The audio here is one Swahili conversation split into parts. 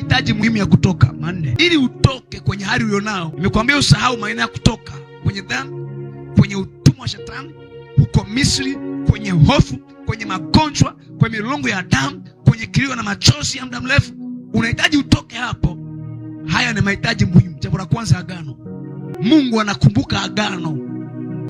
mahitaji muhimu ya kutoka manne, ili utoke kwenye hali ulionao. Nimekuambia usahau maana ya kutoka kwenye dhambi, kwenye utumwa wa shetani huko Misri, kwenye hofu, kwenye magonjwa, kwenye milongo ya damu, kwenye kilio na machozi ya muda mrefu. Unahitaji utoke hapo. Haya ni mahitaji muhimu. Jambo la kwanza, agano. Mungu anakumbuka agano.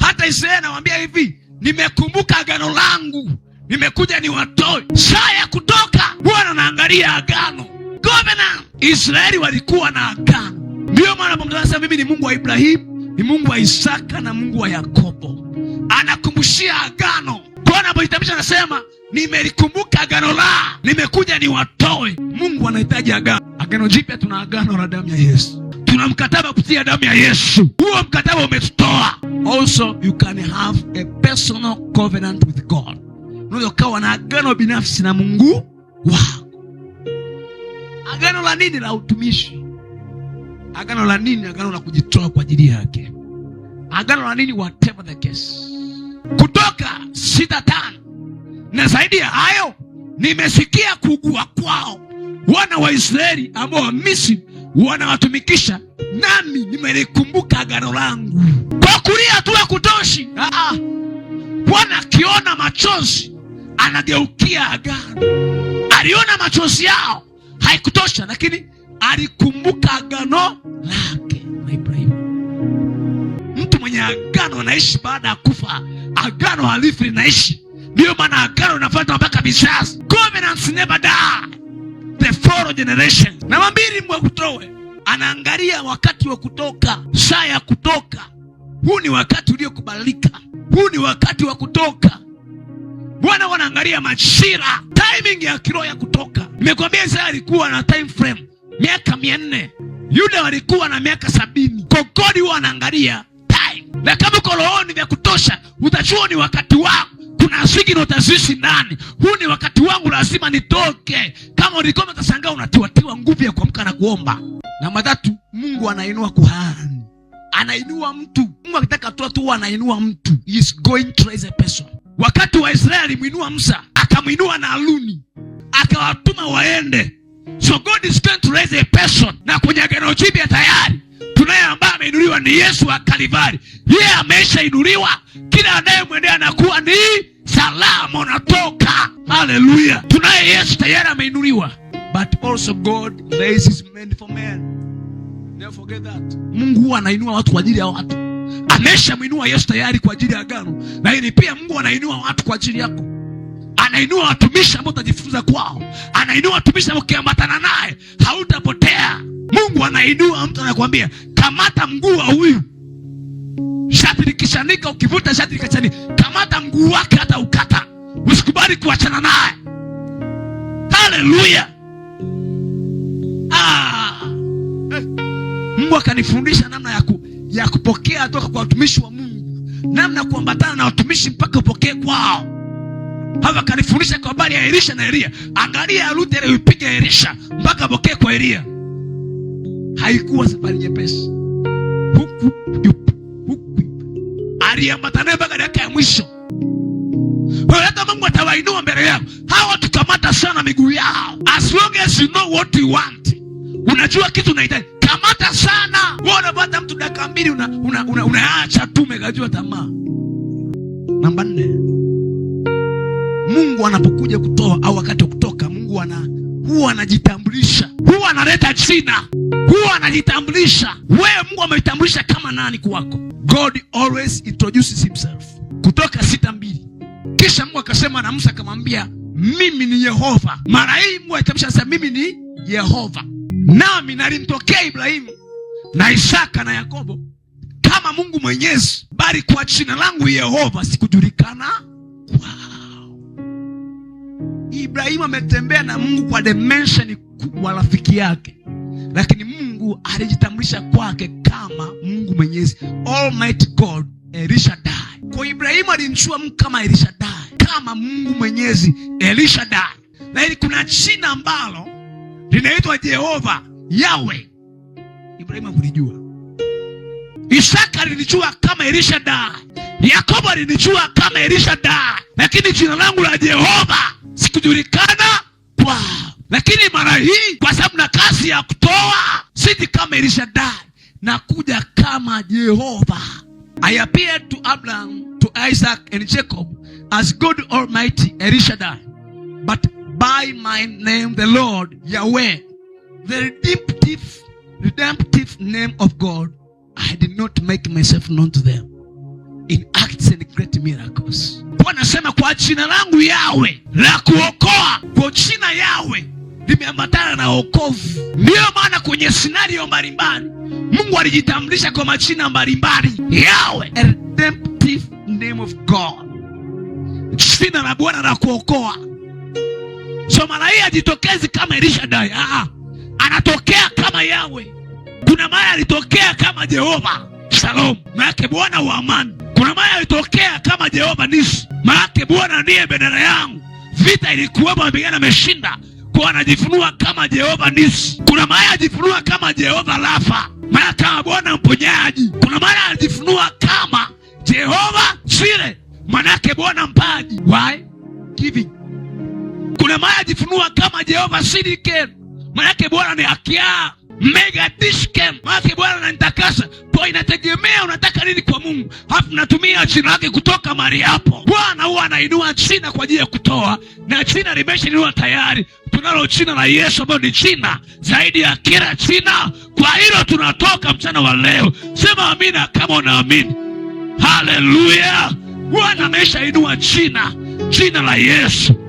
Hata Isaya anawaambia hivi, nimekumbuka agano langu, nimekuja niwatoe. Saa ya kutoka, Bwana anaangalia agano governor. Israeli walikuwa na agano, ndiyo maana Mungu mimi ni Mungu wa Ibrahimu, ni Mungu wa Isaka na Mungu wa Yakobo. Anakumbushia agano. Bwana anapohitimisha anasema nimelikumbuka agano la, nimekuja niwatoe. Mungu anahitaji agano, agano jipya. Tuna agano la damu ya Yesu tuna mkataba kupitia damu ya Yesu. Huo mkataba umetutoa. Also you can have a personal covenant with God, unaweza ukawa na agano binafsi na Mungu wao. Agano la nini? La utumishi. Agano la nini? Agano la kujitoa kwa ajili yake. Agano la nini? Whatever the case. Kutoka sita tano na zaidi ya hayo, nimesikia kuugua kwao wana wa Israeli ambao Wamisri wanawatumikisha, nami nimelikumbuka agano langu. Kwa kulia tu hakutoshi. Bwana akiona machozi anageukia agano, aliona machozi yao haikutosha, lakini alikumbuka agano lake na Ibrahimu. Mtu mwenye agano anaishi baada ya kufa, agano halifi, linaishi. Ndiyo maana agano linafuata mpaka vizazi. Covenants never die, the four generations. Namba mbili, Mungu akutoe, anaangalia wakati wa kutoka, saa ya kutoka. Huu ni wakati uliokubalika, huu ni wakati wa kutoka kuangalia majira, timing ya kiroho ya kutoka. Nimekwambia Isaya alikuwa na time frame miaka mia nne Yuda walikuwa na miaka sabini Kokodi huwa anaangalia time, na kama uko rohoni vya kutosha, utajua ni wakati wako kuna signo utazishi ndani. Huu ni wakati wangu, lazima nitoke. Kama ulikoma, utashangaa unatiwatiwa nguvu ya kuamka na kuomba. Namba tatu, Mungu anainua kuhani, anainua mtu. Mungu akitaka toa tu, anainua mtu. He is going to raise a person Wakati wa Israeli alimwinua Musa, akamwinua na Haruni, akawatuma waende. So God is going to raise a person, na kwenye agano jipya tayari tunaye ambaye ameinuliwa ni Yesu wa Kalivari. Yeye yeah, ameshainuliwa. Kila anayemwendea anakuwa ni salama, natoka. Haleluya, tunaye Yesu tayari ameinuliwa, but also God raises men for men. Never forget that. Mungu huwa anainua watu kwa ajili ya watu ameshamwinua Yesu tayari kwa ajili ya agano, lakini pia Mungu anainua watu kwa ajili yako. Anainua watumishi ambao utajifunza kwao, anainua watumishi ambao ukiambatana naye hautapotea. Mungu anainua mtu, anakuambia kamata mguu wa huyu, shati likishanika, ukivuta shati likachani, kamata mguu wake hata ukata, usikubali kuachana naye. Haleluya! Ah, eh, Mungu akanifundisha namna ya ku ya kupokea toka kwa watumishi wa Mungu, namna kuambatana na watumishi mpaka upokee kwao. Hapa kanifundisha kwa habari ya Elisha na Elia. Angalia Ruthe aliyopiga Elisha mpaka apokee kwa Elia, haikuwa safari nyepesi. Huku huku aliambatana mpaka dakika ya mwisho. Kwa hiyo Mungu atawainua mbele yao hawa, tukamata sana miguu yao, as long as you know what you want Unajua kitu unahitaji, kamata sana. Wewe unapata mtu dakika mbili unaacha una, una, una tu umekajua tamaa. Namba nne, Mungu anapokuja kutoa au wakati wa kutoka, Mungu ana huwa anajitambulisha, huwa analeta jina, huwa anajitambulisha. Wewe Mungu amejitambulisha kama nani kwako? God always introduces himself. Kutoka sita mbili, kisha Mungu akasema na Musa akamwambia, mimi ni Yehova. Mara hii Mungu alitambulisha sasa, mimi ni Yehova nami nalimtokea Ibrahimu na Isaka na Yakobo kama Mungu Mwenyezi, bali kwa jina langu Yehova sikujulikana kwao. Ibrahimu ametembea na Mungu kwa dimensheni kubwa, rafiki yake, lakini Mungu alijitambulisha kwake kama Mungu Mwenyezi, Almighty God, Elishadai. Kwa Ibrahimu alimchua Mungu kama Elishadai, kama Mungu Mwenyezi, Elishadai. Lakini kuna jina ambalo linaitwa Jehova Yawe. Ibrahimu alijua, Isaka lilijua kama Elisha da, Yakobo lilijua kama Elisha da, lakini jina langu la Jehova sikujulikana kwa. Lakini mara hii kwa sababu na kazi ya kutoa, siji kama Elisha da, nakuja kama Jehova. I appeared to Abraham, to Isaac and Jacob as God Almighty Elisha da, but by my name, the Lord Yahweh, the redemptive, redemptive name of God, I did not make myself known to them in acts and great miracles. Bwana asema kwa jina langu Yawe la kuokoa, kwa jina Yawe limeambatana na wokovu. Ndiyo maana kwenye sinario mbalimbali Mungu alijitambulisha kwa majina mbalimbali. Yawe, a redemptive name of God, jina la Bwana la kuokoa So mara hii hajitokezi kama Elishadai, ah, ah. anatokea kama Yawe. Kuna mara alitokea kama Jehova Shalom, maake Bwana wa amani. Kuna mara alitokea kama Jehova Nisi, maake Bwana ndiye bendera yangu. Vita ilikuwepo, mapigano ameshinda kwa, anajifunua kama Jehova Nisi. Kuna mara ajifunua kama Jehova Rafa, mara kama Bwana mponyaji. Kuna mara alijifunua kama Jehova Sire, manake Bwana mpaji. Why? Giving. Kuna mara jifunua kama Jehova Sidike, manake Bwana ni akia mega dishkem, manake Bwana ananitakasa kwa. Inategemea unataka nini kwa Mungu, halafu natumia jina lake kutoka mahali hapo. Bwana huwa anainua jina kwa ajili ya kutoa, na jina limeshainua tayari. Tunalo jina la Yesu ambayo ni jina zaidi ya kila jina. Kwa hilo tunatoka mchana wa leo, sema amina kama unaamini. Haleluya! Bwana ameshainua jina, jina la Yesu.